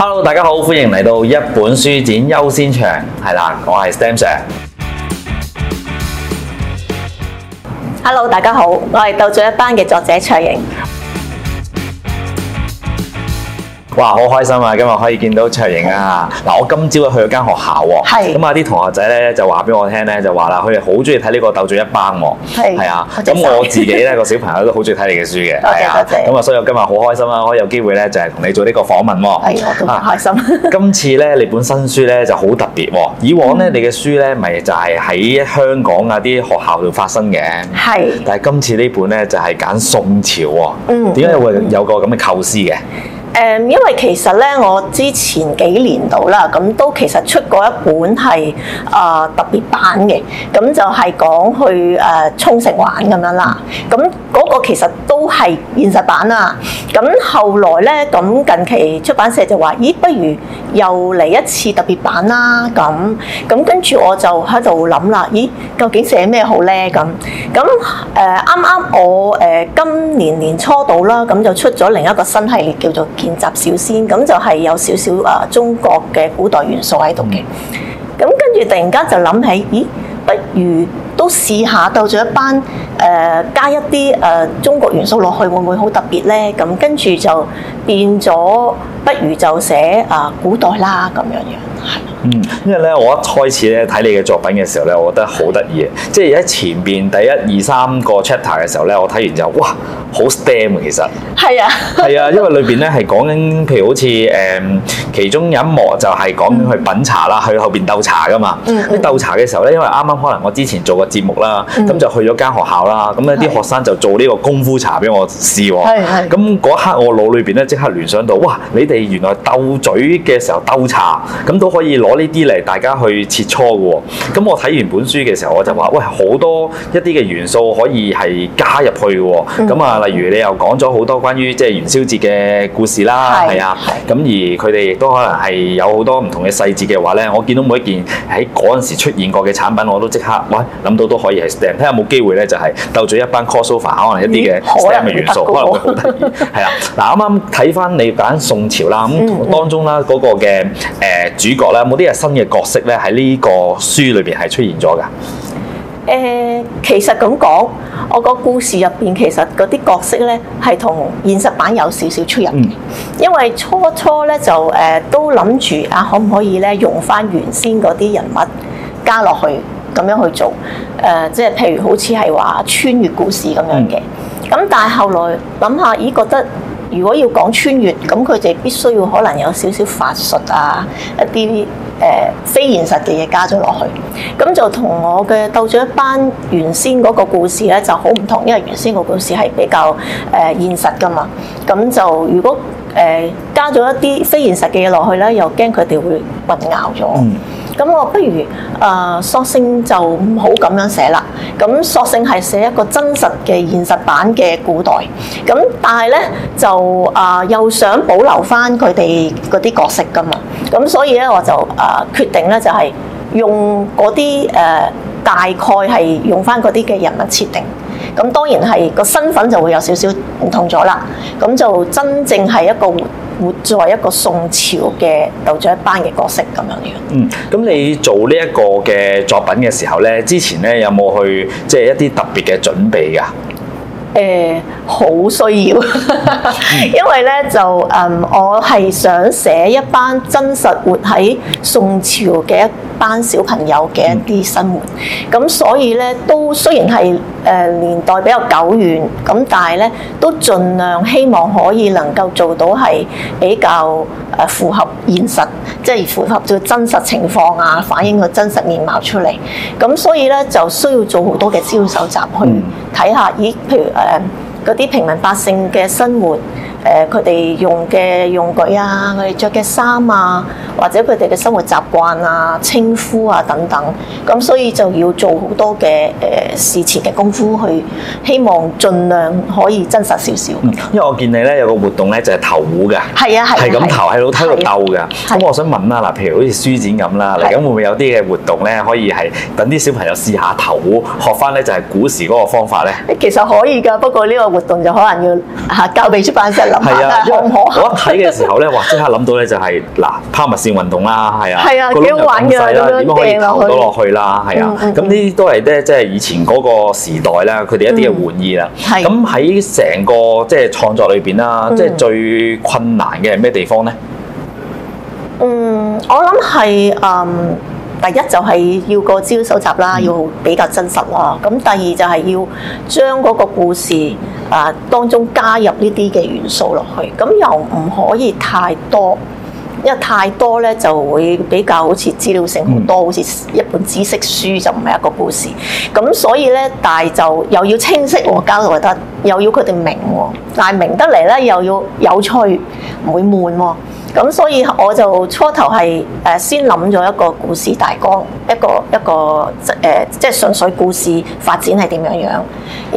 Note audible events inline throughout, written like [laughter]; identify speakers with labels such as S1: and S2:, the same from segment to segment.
S1: Hello，大家好，歡迎嚟到一本書展優先場，係啦，我係 Stem Sir。
S2: Hello，大家好，我係鬥嘴一班嘅作者卓瑩。
S1: 哇！好開心啊，今日可以見到卓瑩啊！嗱，我今朝去咗間學校喎，咁啊啲同學仔咧就話俾我聽咧，就話啦，佢哋好中意睇呢個《鬥嘴一班》喎，係啊，咁我自己咧個小朋友都好中意睇你嘅書嘅，係啊，咁啊，所以我今日好開心啊，可以有機會咧就係同你做呢個訪問喎，啊，開心！今次咧你本新書咧就好特別喎，以往咧你嘅書咧咪就係喺香港啊啲學校度發生嘅，係，但係今次呢本咧就係揀宋朝喎，嗯，點解會有個咁嘅構思嘅？
S2: 誒，因為其實咧，我之前幾年度啦，咁都其實出過一本係誒特別版嘅，咁就係講去誒沖繩玩咁樣啦。咁嗰個其實都係現實版啦。咁後來咧，咁近期出版社就話：「咦，不如又嚟一次特別版啦！」咁咁跟住我就喺度諗啦：「咦，究竟寫咩好咧？」咁咁誒啱啱我誒今年年初到啦，咁就出咗另一個新系列叫做建集少先，咁就係有少少啊中國嘅古代元素喺度嘅，咁、嗯、跟住突然間就諗起，咦？不如都試下鬥嘴一班誒、呃、加一啲誒、呃、中國元素落去，會唔會好特別呢？咁、嗯、跟住就變咗，不如就寫啊古代啦咁樣樣。
S1: 係，嗯，因為咧，我一開始咧睇你嘅作品嘅時候咧，我覺得好得意，即係喺前邊第一二三個 chapter 嘅時候咧，我睇完之後就哇！好 stem 啊，其實
S2: 係啊，
S1: 係啊，因為裏邊咧係講緊，譬如好似誒、嗯，其中有一幕就係講緊去品茶啦，去後邊鬥茶噶嘛。啲、嗯嗯、鬥茶嘅時候咧，因為啱啱可能我之前做個節目啦，咁、嗯、就去咗間學校啦，咁咧啲學生就做呢個功夫茶俾我試喎、啊。咁嗰刻我腦裏邊咧即刻聯想到，哇！你哋原來鬥嘴嘅時候鬥茶，咁都可以攞呢啲嚟大家去切磋嘅喎、啊。咁我睇完本書嘅時候，我就話，喂，好多一啲嘅元素可以係加入去嘅喎。咁啊～、嗯例如你又講咗好多關於即係元宵節嘅故事啦，係是啊，咁而佢哋亦都可能係有好多唔同嘅細節嘅話咧，我見到每一件喺嗰陣時出現過嘅產品，我都即刻喂諗到都可以係 STEM，睇下有冇機會咧就係鬥嘴一班 crossover、so、可能一啲嘅 STEM 嘅元素可，可能會好得意。係啦、啊。嗱啱啱睇翻你講宋朝啦，咁 [laughs] 當中啦嗰、那個嘅誒、呃、主角咧，冇啲係新嘅角色咧？喺呢個書裏邊係出現咗噶？
S2: 誒、呃，其實咁講，我個故事入邊其實嗰啲角色咧係同現實版有少少出入嘅，嗯、因為初初咧就誒、呃、都諗住啊，可唔可以咧用返原先嗰啲人物加落去咁樣去做？誒、呃，即係譬如好似係話穿越故事咁樣嘅。咁、嗯、但係後來諗下，咦覺得如果要講穿越，咁佢哋必須要可能有少少法術啊一啲。誒、呃、非現實嘅嘢加咗落去，咁就同我嘅鬥嘴一班原先嗰個故事咧就好唔同，因為原先個故事係比較誒、呃、現實噶嘛。咁就如果誒、呃、加咗一啲非現實嘅嘢落去咧，又驚佢哋會混淆咗。咁、嗯、我不如啊、呃、索性就唔好咁樣寫啦。咁索性係寫一個真實嘅現實版嘅古代。咁但係咧就啊、呃、又想保留返佢哋嗰啲角色噶嘛。咁所以咧，我就誒、呃、決定咧，就係用嗰啲誒大概係用翻嗰啲嘅人物設定。咁當然係個身份就會有少少唔同咗啦。咁就真正係一個活活在一個宋朝嘅鬥嘴一班嘅角色咁樣樣。
S1: 嗯，咁你做呢一個嘅作品嘅時候咧，之前咧有冇去即係一啲特別嘅準備噶？
S2: 誒好需要，因為咧就嗯，我係想寫一班真實活喺宋朝嘅一班小朋友嘅一啲生活，咁所以咧都雖然係誒年代比較久遠，咁但係咧都盡量希望可以能夠做到係比較符合現實，即係符合最真實情況啊，反映個真實面貌出嚟。咁所以咧，就需要做好多嘅資料蒐集，去睇下，咦，譬如誒嗰啲平民百姓嘅生活，誒佢哋用嘅用具啊，佢哋着嘅衫啊，或者佢哋嘅生活習慣啊、稱呼啊等等，咁所以就要做好多嘅誒事前嘅功夫，去希望盡量可以真實少少
S1: [music] 因為我見你咧有個活動咧就係、是、投壺嘅，係啊係係咁投喺老梯度兜嘅，咁我想問啦，嗱、啊，譬如好似書展咁啦，嚟咁會唔會有啲嘅活動咧可以係等啲小朋友試下投壺，學翻咧就係、是、古時嗰個方法咧？
S2: 其實可以噶，不過呢個活動就可能要嚇交俾出版社。 [music] [music] [music] [music] 係啊，
S1: 我一睇嘅時候咧，哇即刻諗到咧就係嗱拋物線運動啦，係啊，落嚟投落去啦，點可以投到落去啦？係啊，咁呢啲都係咧，即係以前嗰個時代啦，佢哋一啲嘅玩意啦。咁喺成個即係創作裏邊啦，即係最困難嘅係咩地方咧？
S2: 嗯，我諗係嗯。第一就係要個資料蒐集啦，要比較真實啦。咁第二就係要將嗰個故事啊當中加入呢啲嘅元素落去，咁又唔可以太多，因為太多咧就會比較好似資料性好多，嗯、好似一本知識書就唔係一個故事。咁所以咧，但係就又要清晰和交代得，又要佢哋明喎，但係明得嚟咧又要有趣，唔會悶喎。咁所以我就初頭係、呃、先諗咗一個故事大綱，一個一個誒、呃、即係純粹故事發展係點樣樣，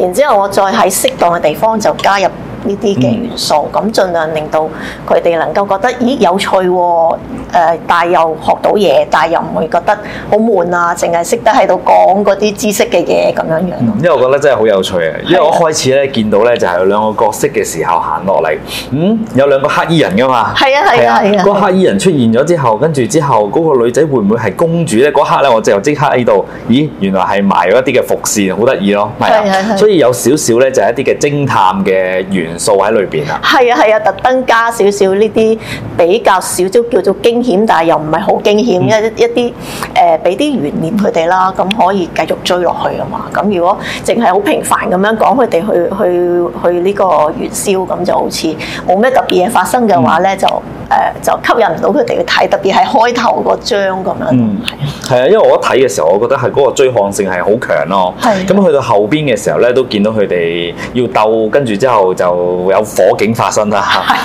S2: 然之後我再喺適當嘅地方就加入，呢啲嘅元素，咁盡量令到佢哋能夠覺得，咦有趣喎！誒，但又學到嘢，但又唔會覺得好悶啊！淨係識得喺度講嗰啲知識嘅嘢咁樣樣。因
S1: 為我覺得真係好有趣啊！因為我開始咧見到咧就係有兩個角色嘅時候行落嚟，嗯，有兩個黑衣人噶嘛。係啊係啊係啊！嗰黑衣人出現咗之後，跟住之後嗰個女仔會唔會係公主咧？嗰刻咧我就即刻喺度，咦，原來係埋咗一啲嘅伏線，好得意咯，係所以有少少咧就係一啲嘅偵探嘅元素。數喺裏邊
S2: 啊！係啊係啊，特登加少少呢啲比較少，少叫做驚險，但係又唔係好驚險、嗯、一一啲誒，俾、呃、啲懸念佢哋啦，咁可以繼續追落去啊嘛。咁如果淨係好平凡咁樣講佢哋去去去呢個元宵，咁就好似冇咩特別嘢發生嘅話咧，嗯、就誒、呃、就吸引唔到佢哋去睇，特別係開頭嗰章咁樣。嗯，
S1: 係啊，因為我一睇嘅時候，我覺得係嗰個追看性係好強咯、啊。係咁去到後邊嘅時候咧，都見到佢哋要鬥，跟住之後就。有火警發生啦，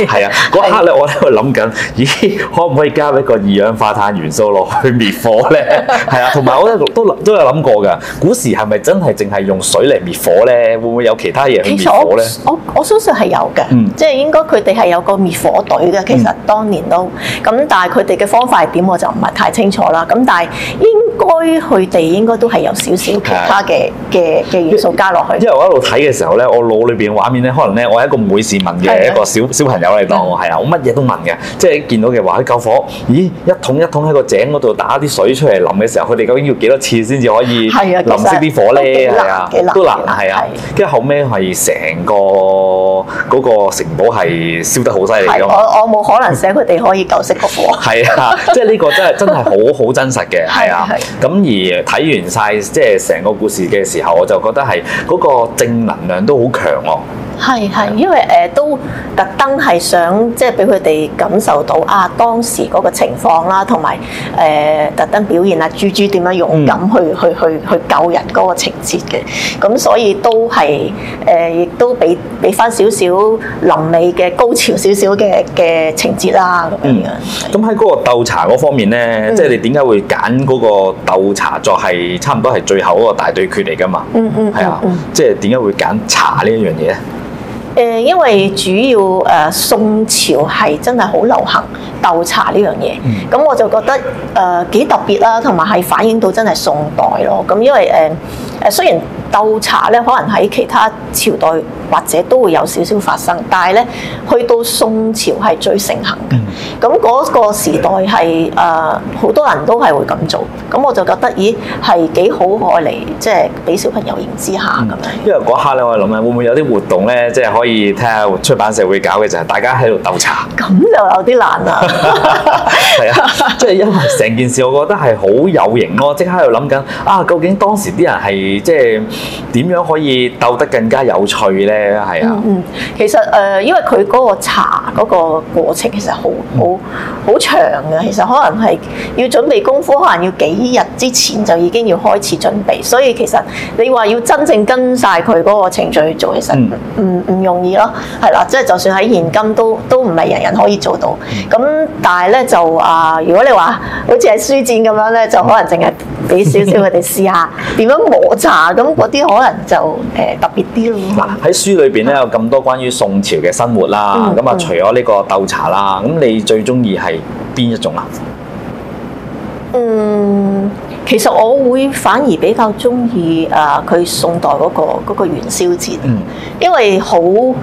S1: 係是啊，嗰刻咧，的我咧喺度諗緊，咦，可唔可以加一個二氧化碳元素落去滅火咧？係啊，同埋我咧都都有諗過㗎。古時係咪真係淨係用水嚟滅火咧？會唔會有其他嘢去滅火咧？
S2: 我我相信係有㗎，嗯，即係應該佢哋係有個滅火隊㗎。其實當年都咁，嗯、但係佢哋嘅方法係點，我就唔係太清楚啦。咁但係應該佢哋應該都係有少少其他嘅嘅嘅元素加落
S1: 去。因為我一路睇嘅時候咧，我腦裏邊畫面咧，可能咧我一個每事問嘅一個小小朋友嚟當喎，係啊，我乜嘢都問嘅，即係見到嘅話去救火，咦，一桶一桶喺個井嗰度打啲水出嚟淋嘅時候，佢哋究竟要幾多次先至可以淋熄啲火咧？係啊，都難係啊。跟住後尾係成個嗰城堡係燒得好犀利㗎嘛。我
S2: 我冇可能寫佢哋可以救熄個火，係啊，即係呢個真
S1: 係真係好好真實嘅係啊。咁而睇完晒，即係成個故事嘅時候，我就覺得係嗰個正能量都好強哦。
S2: 係係，因為誒、呃、都特登係想即係俾佢哋感受到啊當時嗰個情況啦，同埋誒特登表現啊豬豬點樣勇敢去、嗯、去去去救人嗰個情節嘅，咁所以都係誒亦都俾俾翻少少臨尾嘅高潮少少嘅嘅情節啦咁樣。咁喺嗰個
S1: 鬥茶嗰方面咧，即係你點解會揀嗰個鬥茶作係差唔多係最後嗰個大對決嚟㗎嘛？嗯嗯，係啊、嗯，即係點解會揀茶呢一樣嘢咧？
S2: 因為主要、呃、宋朝係真係好流行鬥茶呢樣嘢，咁、嗯、我就覺得誒、呃、幾特別啦、啊，同埋係反映到真係宋代咯。咁因為誒、呃、雖然。鬥茶咧，可能喺其他朝代或者都會有少少發生，但係咧去到宋朝係最盛行嘅。咁嗰、嗯、個時代係誒好多人都係會咁做，咁我就覺得咦係幾好愛嚟，即係俾小朋友認知下咁
S1: 樣、嗯。因為嗰刻咧，我諗咧會唔會有啲活動咧，即係可以睇下出版社會搞嘅就係大家喺度鬥茶。
S2: 咁就有啲難啦。
S1: 係啊，。 [laughs] [laughs] 即、
S2: 就、係、是、因為
S1: 成件事，我覺得係好有型咯，即刻喺度諗緊啊，究竟當時啲人係即係。即點樣可以鬥得更加有趣呢？係啊，
S2: 嗯，嗯其實誒、呃，因為佢嗰個茶嗰個過程其實、嗯、好好好長嘅，其實可能係要準備功夫，可能要幾日之前就已經要開始準備，所以其實你話要真正跟晒佢嗰個程序去做，其實唔唔容易咯，係啦、啊，即係就算喺現今都都唔係人人可以做到，咁但係呢，就啊、呃，如果你話好似係書展咁樣呢，就可能淨係、嗯。俾少少我哋試下點樣磨茶，咁嗰啲可能就誒特別啲咯。
S1: 喺 [laughs] [noise] 書裏邊咧有咁多關於宋朝嘅生活啦，咁啊 [noise] 除咗呢個鬥茶啦，咁你最中意係邊一種啊？嗯，
S2: 其實我會反而比較中意啊，佢宋代嗰個嗰個元宵節， [noise] 因為好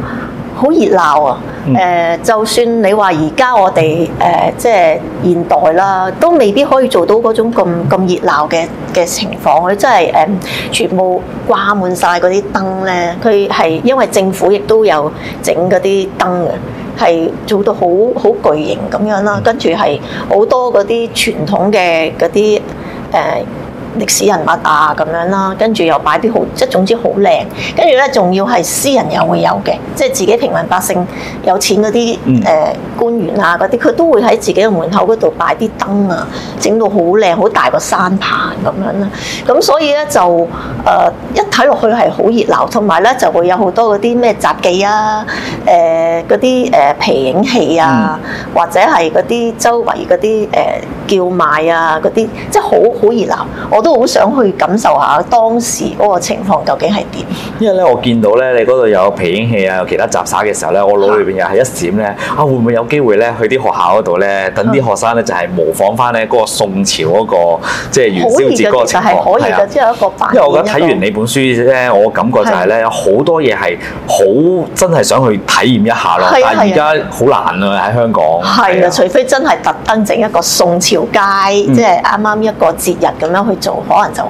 S2: [noise] 好熱鬧啊！誒、嗯呃，就算你話而家我哋誒、呃，即係現代啦，都未必可以做到嗰種咁咁熱鬧嘅嘅情況。佢真係誒，全部掛滿晒嗰啲燈咧。佢係因為政府亦都有整嗰啲燈嘅，係做到好好巨型咁樣啦。嗯、跟住係好多嗰啲傳統嘅嗰啲誒。呃歷史人物啊咁樣啦，跟住又擺啲好即係總之好靚，跟住咧仲要係私人又會有嘅，即係自己平民百姓有錢嗰啲誒官員啊嗰啲，佢都會喺自己嘅門口嗰度擺啲燈啊，整到好靚好大個山棚咁樣啦，咁所以咧就。誒、uh, 一睇落去係好熱鬧，同埋咧就會有好多嗰啲咩雜技啊、誒嗰啲誒皮影戲啊，嗯、或者係嗰啲周圍嗰啲誒叫賣啊嗰啲，即係好好熱鬧。我都好想去感受下當時嗰個情況究竟係點。
S1: 因為咧，我見到咧你嗰度有皮影戲啊，有其他雜耍嘅時候咧，我腦裏邊又係一閃咧，啊會唔會有機會咧去啲學校嗰度咧，等啲學生咧就係、是、模仿翻咧嗰個宋朝嗰、那個即係元宵節嗰個情況係
S2: 啊。因為我覺睇完你
S1: 本書咧，我感覺就係咧好多嘢係好真係想去體驗一下咯，的但係而家好難啊喺香港。係啊，除
S2: 非真係特登整一個宋朝街，即係啱啱一個節日咁樣去做，可能就，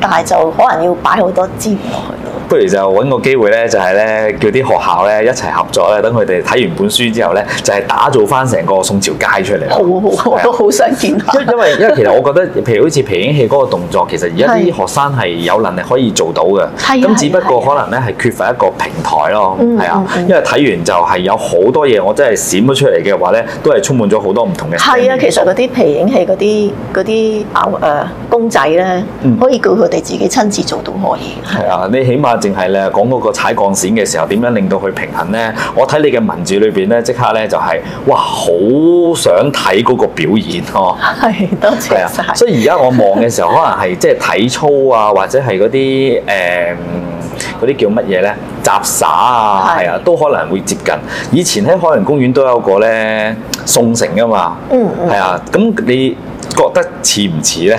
S2: 但係就可能要擺好多資源落去咯。
S1: 不如就揾個機會咧，就係咧叫啲學校咧一齊合作咧，等佢哋睇完本書之後咧，就係打造翻成個宋朝街出嚟。好啊，
S2: 好啊，係啊，好想見下，因
S1: 為因為其實我覺得，譬如好似皮影戲嗰個動作，其實而家啲學生係有能力可以做到嘅。係啊。咁只不過可能咧係缺乏一個平台咯。係啊。係啊。嗯。因為睇完就係有好多嘢，我真係閃咗出嚟嘅話咧，都係充滿咗好多唔同嘅。係
S2: 啊，其實嗰啲皮影戲嗰啲啲牛公仔咧，可以叫佢哋自己親自做到可以。係啊。
S1: 係啊，你起碼。淨係咧，講嗰個踩鋼線嘅時候，點樣令到佢平衡呢？我睇你嘅文字裏邊呢，即刻呢就係、是，哇！好想睇嗰個表演哦、啊。
S2: 係，多謝曬、啊。
S1: 所以而家我望嘅時候， [laughs] 可能係即係體操啊，或者係嗰啲誒嗰啲叫乜嘢呢？雜耍啊，係啊，啊，都可能會接近。以前喺海洋公園都有個呢，宋城㗎嘛。嗯係、嗯、啊，咁你覺得似唔似呢？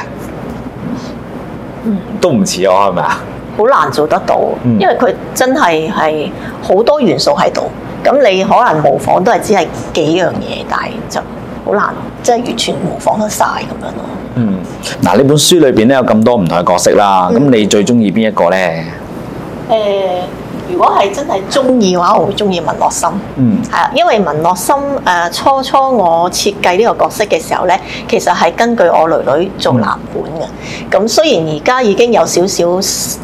S2: 嗯
S1: 嗯、都唔似我係咪啊？
S2: 好難做得到，因為佢真係係好多元素喺度，咁你可能模仿都係只係幾樣嘢，但係就好難，即係完全模仿得晒咁樣咯。嗯，
S1: 嗱呢本書裏邊咧有咁多唔同嘅角色啦，咁你最中意邊一
S2: 個咧？誒、嗯。欸如果係真係中意嘅話，我會中意文樂心。嗯，係啊，因為文樂心誒、呃、初初我設計呢個角色嘅時候咧，其實係根據我女女做藍本嘅。咁、嗯、雖然而家已經有少少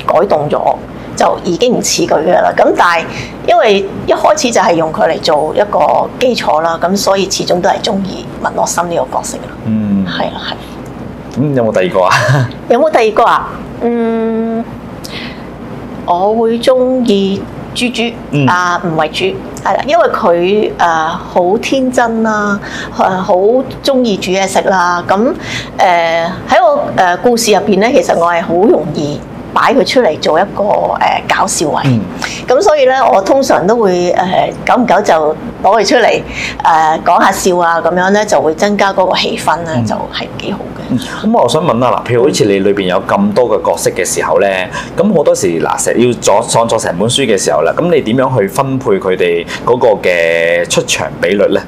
S2: 改動咗，就已經唔似佢嘅啦。咁但係因為一開始就係用佢嚟做一個基礎啦，咁所以始終都係中意文樂心呢個角色嘅。嗯，係啊，係、
S1: 啊。咁、嗯、有冇第二個啊？ [laughs]
S2: 有冇第二個啊？嗯。我會鍾意豬豬啊，唔係豬，係啦，因為佢誒好天真啦，誒好鍾意煮嘢食啦，咁誒喺我誒、呃、故事入邊咧，其實我係好容易，擺佢出嚟做一個誒、呃、搞笑位，咁、嗯、所以咧，我通常都會誒、呃、久唔久就攞佢出嚟誒講下笑啊，咁樣咧就會增加嗰個氣氛咧，嗯、就係幾好嘅。
S1: 咁、嗯嗯、我想問啦，嗱，譬如好似你裏邊有咁多嘅角色嘅時候咧，咁好多時嗱成、呃、要作創作成本書嘅時候啦，咁你點樣去分配佢哋嗰個嘅出場比率咧？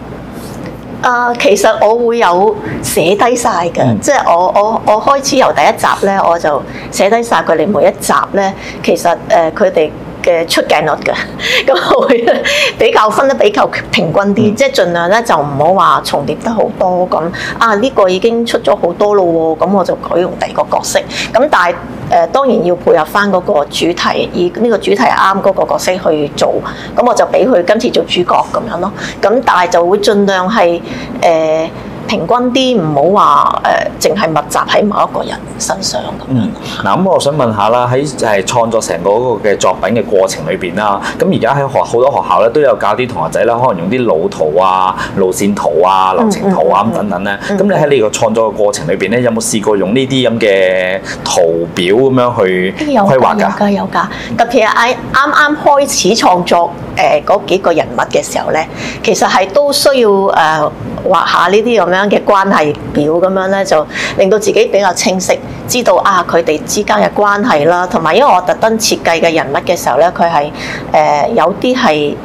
S2: 啊，其實我會有寫低曬嘅，嗯、即係我我我開始由第一集呢，我就寫低曬佢哋每一集呢。其實誒，佢、呃、佢哋嘅出鏡率嘅，咁 [laughs] 我會比較分得比較平均啲，嗯、即係盡量咧就唔好話重疊得好多咁。啊，呢、呢個已經出咗好多咯喎，咁我就改用第二個角色。咁但係誒、呃、當然要配合翻嗰個主題，以呢個主題啱嗰個角色去做，咁我就俾佢今次做主角咁樣咯。咁但係就會盡量係誒，呃平均啲，唔好話誒，淨、呃、係密集喺某一個人身上
S1: 咁。嗯，嗱，咁我想問下啦，喺係創作成個嗰個嘅作品嘅過程裏邊啦，咁而家喺學好多學校咧都有教啲同學仔啦，可能用啲腦圖啊、路線圖啊、流程圖啊咁、嗯嗯嗯、等等咧。咁、嗯嗯嗯、你喺你個創作嘅過程裏邊咧，有冇試過用呢啲咁嘅圖表咁樣去規劃㗎？有
S2: 㗎有㗎，特別係喺啱啱開始創作。誒嗰、呃、幾個人物嘅時候咧，其實係都需要誒、呃、畫下呢啲咁樣嘅關係表咁樣咧，就令到自己比較清晰，知道啊佢哋之間嘅關係啦。同埋因為我特登設計嘅人物嘅時候咧，佢係誒有啲係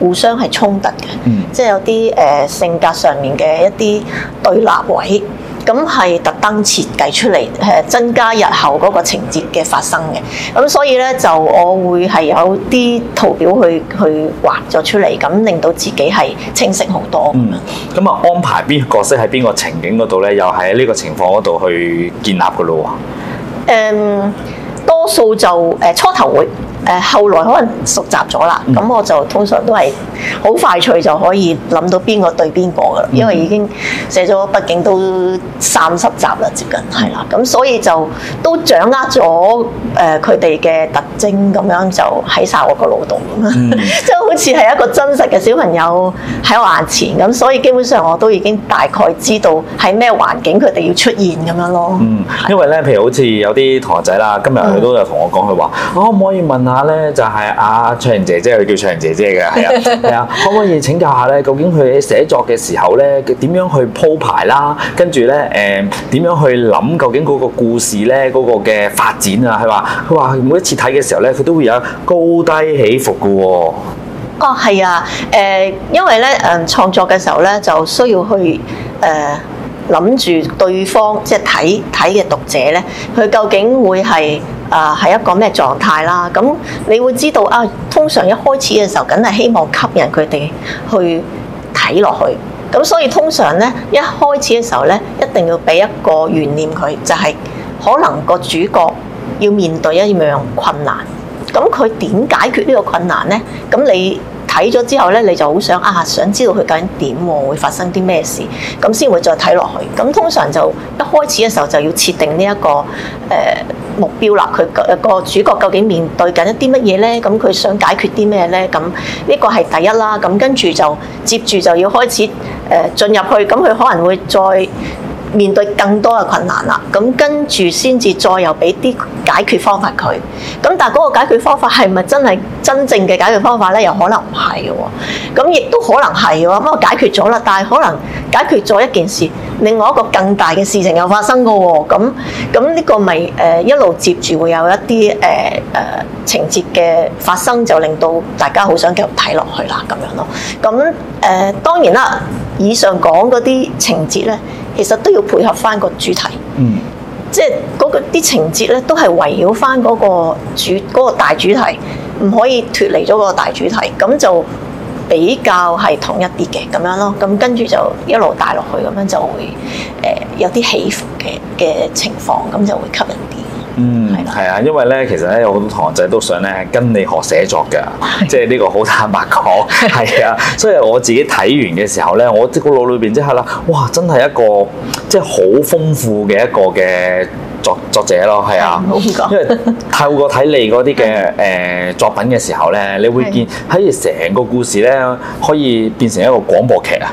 S2: 互相係衝突嘅，嗯、即係有啲誒、呃、性格上面嘅一啲對立位。咁係特登設計出嚟，誒增加日後嗰個情節嘅發生嘅。咁所以咧，就我會係有啲圖表去去畫咗出嚟，咁令到自己係清晰好多。嗯，咁啊安
S1: 排邊個角色喺邊個情景嗰度咧，又喺呢個情況嗰度去建立噶咯喎。
S2: 誒、嗯，多數就誒、呃、初頭會。誒後來可能熟習咗啦，咁、嗯、我就通常都係好快脆就可以諗到邊個對邊個噶啦，嗯、因為已經寫咗畢竟都三十集啦，接近係啦，咁所以就都掌握咗誒佢哋嘅特徵，咁樣就喺晒我個腦度。咁樣、嗯，即係 [laughs] 好似係一個真實嘅小朋友喺我眼前咁，所以基本上我都已經大概知道係咩環境佢哋要出現咁樣咯。嗯，
S1: 的因為咧，譬如好似有啲同學仔啦，今日佢都有同我講，佢話我可唔可以問下？」哦哦哦哦哦哦哦哦下咧、啊、就係阿卓瑩姐姐，佢叫卓瑩姐姐嘅，係啊，係 [laughs] 啊，可唔可以請教下咧？究竟佢寫作嘅時候咧，點、呃、樣去鋪排啦？跟住咧，誒點樣去諗？究竟嗰個故事咧，嗰、嗰個嘅發展啊？佢話佢話每一次睇嘅時候咧，佢都會有高低起伏嘅
S2: 喎。哦，係啊，誒，因為咧，誒創作嘅時候咧，就需要去誒諗住對方，即係睇睇嘅讀者咧，佢究竟會係。啊，係一個咩狀態啦？咁你會知道啊。通常一開始嘅時候，梗係希望吸引佢哋去睇落去。咁所以通常呢，一開始嘅時候呢，一定要俾一個懸念佢，就係、是、可能個主角要面對一樣困難。咁佢點解決呢個困難呢？咁你睇咗之後呢，你就好想啊，想知道佢究竟點喎，會發生啲咩事？咁先會再睇落去。咁通常就一開始嘅時候就要設定呢、這、一個誒。呃目標啦，佢個主角究竟面對緊一啲乜嘢咧？咁佢想解決啲咩咧？咁呢個係第一啦。咁跟住就接住就要開始誒進入去。咁佢可能會再。面對更多嘅困難啦，咁跟住先至再又俾啲解決方法佢。咁但係嗰個解決方法係咪真係真正嘅解決方法咧？又可能唔係喎，咁亦都可能係喎。咁我解決咗啦，但係可能解決咗一件事，另外一個更大嘅事情又發生嘅喎。咁咁呢個咪、就、誒、是呃、一路接住會有一啲誒誒情節嘅發生，就令到大家好想繼續睇落去啦，咁樣咯。咁誒、呃、當然啦，以上講嗰啲情節咧。其實都要配合翻個主題，嗯、即係嗰個啲情節咧，都係圍繞翻嗰個主嗰個大主題，唔可以脫離咗個大主題，咁就比較係統一啲嘅咁樣咯。咁跟住就一路帶落去，咁樣就會誒、呃、有啲起伏嘅嘅情況，咁就會吸引。
S1: 係啊，因為咧，其實咧，有好多同學仔都想咧跟你學寫作嘅，是的 即係呢個好坦白講，係啊。所以我自己睇完嘅時候咧，我即個腦裏邊即係啦，哇，真係一個即係好豐富嘅一個嘅作作者咯，係啊。因為透過睇你嗰啲嘅誒作品嘅時候咧，你會見喺成是的 個故事咧可以變成一個廣播劇啊。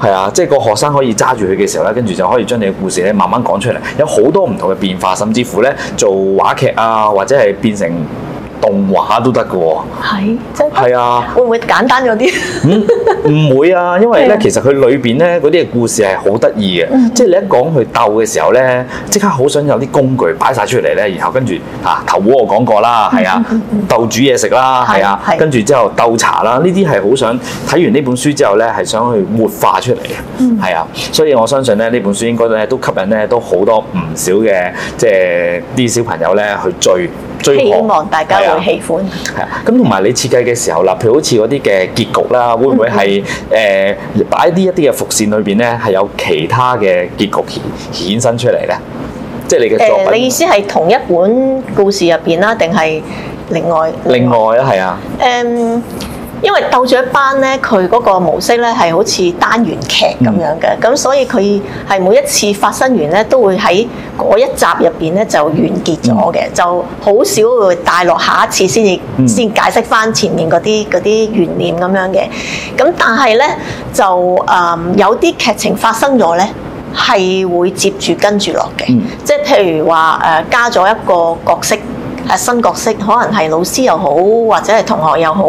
S1: 係啊，即係個學生可以揸住佢嘅時候咧，跟住就可以將你嘅故事咧慢慢講出嚟，有好多唔同嘅變化，甚至乎咧做話劇啊，或者係變成。動畫都得㗎喎，係
S2: 真係啊會！會唔會簡單咗啲？
S1: 唔唔、嗯、會啊，因為咧是、啊、其實佢裏邊咧嗰啲嘅故事係好得意嘅，嗯、即係你一講佢鬥嘅時候咧，即刻好想有啲工具擺晒出嚟咧，然後跟住嚇、啊、頭鍋我講過啦，係啊，嗯嗯鬥煮嘢食啦，係、嗯、啊，是是跟住之後鬥茶啦，呢啲係好想睇完呢本書之後咧，係想去活化出嚟嘅，係、嗯、啊，所以我相信咧呢本書應該咧都吸引咧都好多唔少嘅即係啲小朋友咧去追。希望大家會喜歡。係啊，咁同埋你設計嘅時候啦，譬如好似嗰啲嘅結局啦，會唔會係誒、 [laughs] 呃、擺啲一啲嘅伏線裏邊咧，係有其他嘅結局衍衍生出嚟咧？即係你嘅作品、呃。你意
S2: 思係同一本故事入邊啦，定係另外？
S1: 另外啦，係啊。
S2: 誒、啊。嗯因為鬥咗一班咧，佢嗰個模式咧係好似單元劇咁樣嘅，咁、嗯、所以佢係每一次發生完咧，都會喺嗰一集入邊咧就完結咗嘅，嗯、就好少會帶落下一次先至先解釋翻前面嗰啲嗰啲懸念咁樣嘅。咁但係咧就誒、um, 有啲劇情發生咗咧，係會接住跟住落嘅，嗯、即係譬如話誒、呃、加咗一個角色誒新角色，可能係老師又好，或者係同學又好。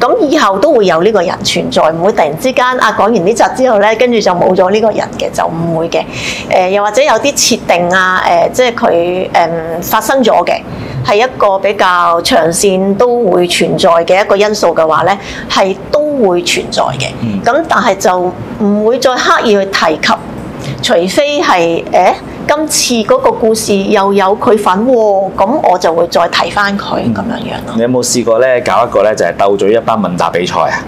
S2: 咁以後都會有呢個人存在，唔會突然之間啊講完呢集之後咧，跟住就冇咗呢個人嘅，就唔會嘅。誒、呃，又或者有啲設定啊，誒、呃，即係佢誒發生咗嘅，係一個比較長線都會存在嘅一個因素嘅話咧，係都會存在嘅。咁但係就唔會再刻意去提及。除非係誒、欸、今次嗰個故事又有佢份喎，咁、哦、我就會再提翻佢咁樣樣咯。
S1: 你有冇試過咧搞一個咧就係、是、鬥嘴一班問答比賽啊？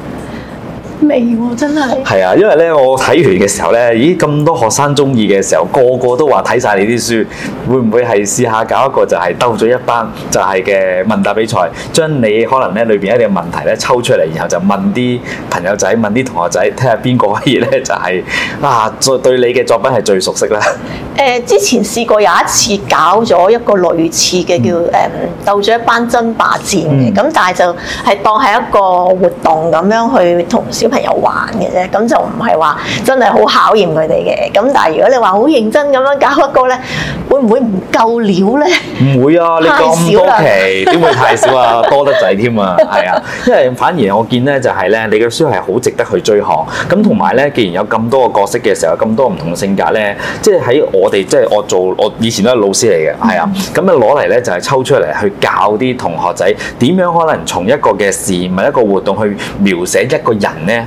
S2: 未喎、哦，真係係
S1: 啊，因為咧我睇完嘅時候咧，咦咁多學生中意嘅時候，個個都話睇晒你啲書，會唔會係試下搞一個就係鬥嘴一班就係嘅問答比賽，將你可能咧裏邊一啲問題咧抽出嚟，然後就問啲朋友仔問啲同學仔，睇下邊個可以咧就係、是、啊，對對你嘅作品係最熟悉啦。
S2: 誒，之前試過有一次搞咗一個類似嘅叫誒、嗯、鬥嘴一班爭霸戰嘅，咁、嗯、但係就係當係一個活動咁樣去同小朋友玩嘅啫，咁就唔係話真係好考驗佢哋嘅。咁但係如果你話好認真咁樣搞，搞，一個咧會唔會唔夠料咧？
S1: 唔會啊，你咁多期點 [laughs] 會太少啊？多得滯添啊，係啊。因為反而我見咧就係咧，你嘅書係好值得去追看。咁同埋咧，既然有咁多個角色嘅時候，咁多唔同嘅性格咧，即係喺我哋即係我做我以前都係老師嚟嘅，係啊。咁啊攞嚟咧就係抽出嚟去教啲同學仔點樣可能從一個嘅事物係一個活動去描寫一個人咧。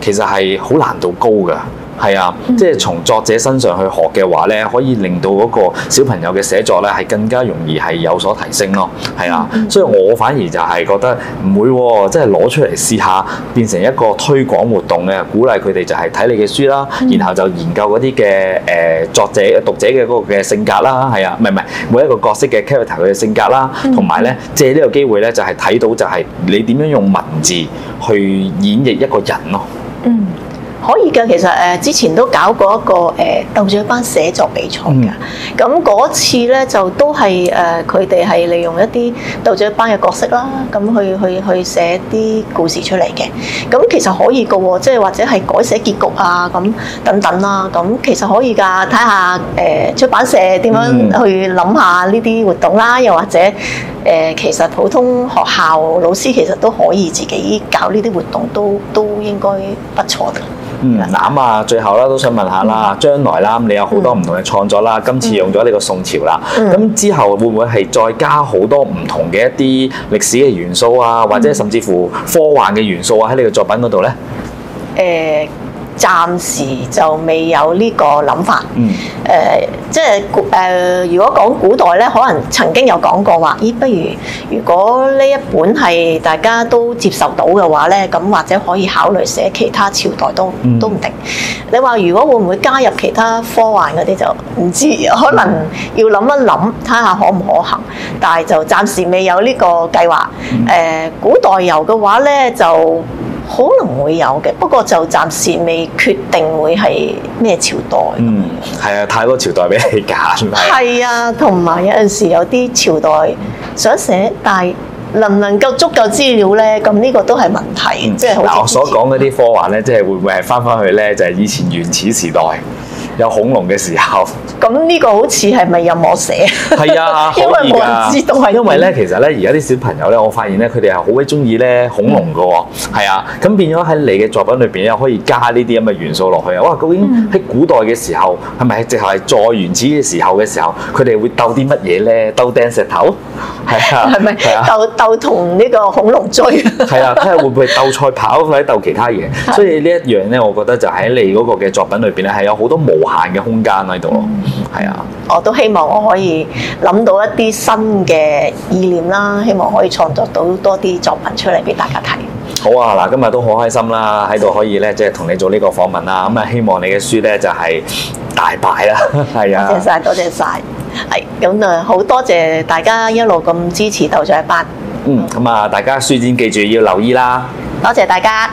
S1: 其實係好難度高噶。係啊，即係從作者身上去學嘅話咧，可以令到嗰個小朋友嘅寫作咧係更加容易係有所提升咯。係啊，嗯、所以我反而就係覺得唔會喎、哦，即係攞出嚟試下變成一個推廣活動嘅，鼓勵佢哋就係睇你嘅書啦，嗯、然後就研究嗰啲嘅誒作者、讀者嘅嗰個嘅性格啦，係啊，唔係唔係每一個角色嘅 character 佢嘅性格啦，同埋咧借呢個機會咧就係、是、睇到就係你點樣用文字去演繹一個人咯。嗯。
S2: 可以嘅，其實誒、呃、之前都搞過一個誒鬥嘴班寫作比賽嘅，咁嗰、嗯、次咧就都係誒佢哋係利用一啲鬥嘴班嘅角色啦，咁去去去寫啲故事出嚟嘅。咁其實可以嘅喎，即係或者係改寫結局啊，咁等等啦。咁其實可以噶，睇下誒出版社點樣去諗下呢啲活動啦，嗯、又或者。誒，其實普通學校老師其實都可以自己搞呢啲活動都，都都應該不錯嘅。嗯，
S1: 嗱啊，最後啦，都想問下啦，將來啦，你有好多唔同嘅創作啦，嗯、今次用咗呢個宋朝啦，咁、嗯、之後會唔會係再加好多唔同嘅一啲歷史嘅元素啊，或者甚至乎科幻嘅元素啊，喺你嘅作品嗰度呢？誒、
S2: 呃。暫時就未有呢個諗法。誒、嗯呃，即係誒、呃，如果講古代咧，可能曾經有講過話，咦，不如如果呢一本係大家都接受到嘅話咧，咁或者可以考慮寫其他朝代都、嗯、都唔定。你話如果會唔會加入其他科幻嗰啲就唔知，可能要諗一諗，睇下可唔可行。但係就暫時未有呢個計劃。誒、嗯呃，古代遊嘅話咧就。可能會有嘅，不過就暫時未決定會係咩朝代。
S1: 嗯，係啊，太多朝代俾你揀。係
S2: 啊，同埋、啊、有陣時有啲朝代想寫，但係能唔能夠足夠資料呢？咁呢個都係問題。嗯、即係嗱，我
S1: 所講嗰啲科幻呢，即係會唔會係翻返去呢？就係、係、以前原始時代。有恐龍嘅時候，
S2: 咁呢個好似係咪任我寫啊？係啊，可以啊。因為冇人知道。因為咧，其
S1: 實咧，而家啲小朋友咧，我發現咧，佢哋係好鬼中意咧恐龍噶喎，係啊。咁變咗喺你嘅作品裏邊咧，又可以加呢啲咁嘅元素落去啊！哇，究竟喺古代嘅時候，係咪直頭係再原始嘅時候嘅時候，佢哋會鬥啲乜嘢咧？鬥掟石頭？係啊，係咪？鬥
S2: 鬥同呢個恐龍追？
S1: 係啊，睇下會唔會鬥賽跑或者鬥其他嘢？所以呢一樣咧，我覺得就喺你嗰個嘅作品裏邊咧，係有好多無無限嘅空間喺度咯，係啊！
S2: 我都希望我可以諗到一啲新嘅意念啦，希望可以創作到多啲作品出嚟俾大家睇。
S1: 好啊，嗱，今日都好開心啦，喺度可以咧即係同你做呢個訪問啦。咁、嗯、啊，希望你嘅書咧就係、是、大賣啦。係啊多，多謝晒，
S2: 多謝晒。係咁啊，好多謝大家一路咁支持鬥嘴一班。嗯、
S1: 咁、嗯、啊，大家書展記住要留意啦。
S2: 多謝大家。